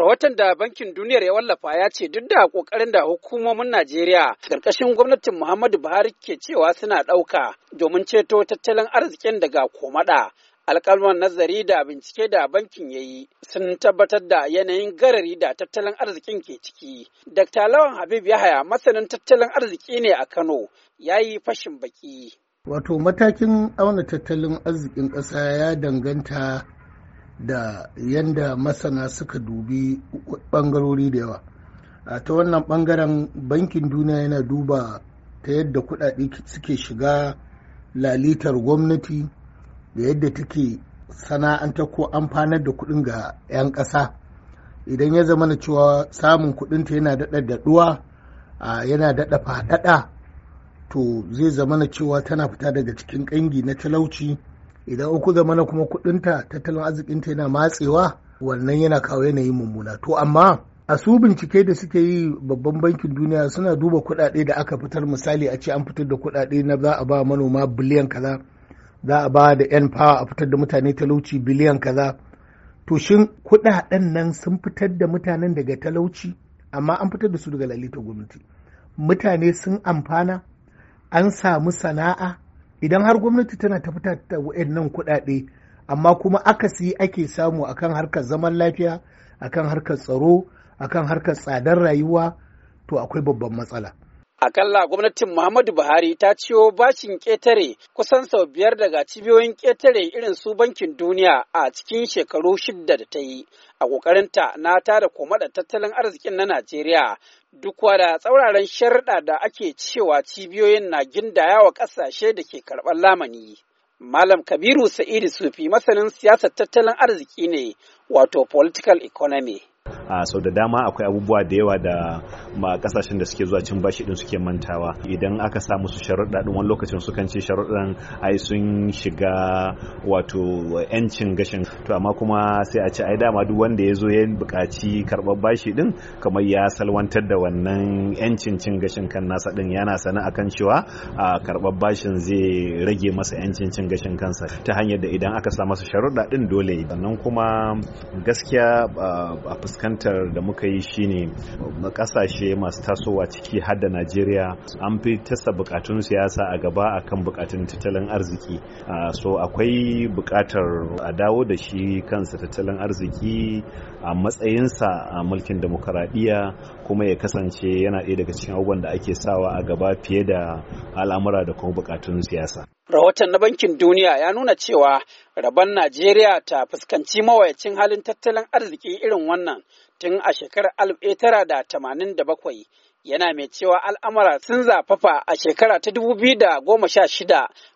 Rahoton da Bankin Duniyar ya wallafa ya ce duk da ƙoƙarin da hukumomin Najeriya ƙarƙashin gwamnatin Muhammadu Buhari ke cewa suna ɗauka domin ceto tattalin arzikin daga komada. alkalman nazari da bincike da bankin ya yi sun tabbatar da yanayin garari da tattalin arzikin ke ciki. Dr. Lawan Habib Yahaya masanin tattalin arziki ne a Kano ya yi fashin baki. Wato matakin auna tattalin arzikin ƙasa ya danganta da yadda masana suka dubi bangarori da yawa a ta wannan bangaren bankin duniya yana duba ta yadda kudade suke shiga lalitar gwamnati da yadda take sana'anta ko amfanar da kudin ga 'yan ƙasa idan ya zama na cewa samun kudinta yana daɗa daɗuwa yana daɗa faɗaɗa to zai zama cewa tana fita daga cikin ƙangi na talauci idan uku zamana kuma kudinta tattalin arzikinta yana matsewa wannan yana kawo yanayin mummuna to amma a su bincike da suke yi babban bankin duniya suna duba kuɗaɗe da aka fitar misali a ce an fitar da kuɗaɗe na za a ba manoma biliyan kaza za a ba da yan fawa a fitar da mutane talauci biliyan kaza to shin kuɗaɗen nan sun fitar da mutanen daga talauci amma an fitar da su daga lalita gwamnati mutane sun amfana an samu sana'a idan har gwamnati tana ta fita da nan kuɗaɗe amma kuma akasi ake samu akan harkar zaman lafiya akan harkar tsaro akan harkar tsadar rayuwa to akwai babban matsala. Akalla gwamnatin Muhammadu Buhari ta ciyo bashin ƙetare kusan sau biyar daga cibiyoyin ƙetare irin su bankin duniya a cikin shekaru shidda da ta yi a ƙoƙarinta na koma da tattalin arzikin na Najeriya duk da tsauraran sharɗa da ake cewa cibiyoyin na gindaya wa ƙasashe da ke karɓar lamani. Malam Kabiru Sa'idu Sufi masanin siyasar tattalin arziki ne wato political economy. sau da dama akwai abubuwa da yawa da ma kasashen da suke zuwa cin bashi din suke mantawa idan aka sa musu sharuɗa din wani lokacin sukan ce sharuɗan ai sun shiga wato yancin gashin to amma kuma sai a ce ai dama duk wanda ya zo ya buƙaci karɓar bashi din kamar ya salwantar da wannan yancin cin gashin kan nasa din yana sana akan cewa a karɓar bashin zai rage masa yancin cin gashin kansa ta hanyar da idan aka sa masa sharuɗa din dole sannan kuma gaskiya a fuskantar fahimtar da muka yi shine kasashe masu tasowa ciki har da najeriya an fi tasa bukatun siyasa a gaba akan bukatun tattalin arziki so akwai bukatar a dawo da shi kansa tattalin arziki a matsayinsa a mulkin demokaradiyya kuma ya kasance yana ɗaya daga cikin abubuwan da ake sawa a gaba fiye da al'amura da kuma bukatun siyasa Rahoton na Bankin Duniya ya nuna cewa rabon Najeriya ta fuskanci mawayacin halin tattalin arziki irin wannan tun a shekarar 1987 yana mai cewa al'amara sun zafafa a shekara ta 2016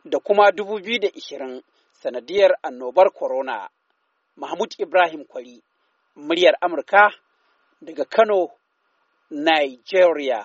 da kuma 2020 sanadiyar annobar corona. Mahmud Ibrahim Kwari, muryar Amurka daga Kano, Nigeria.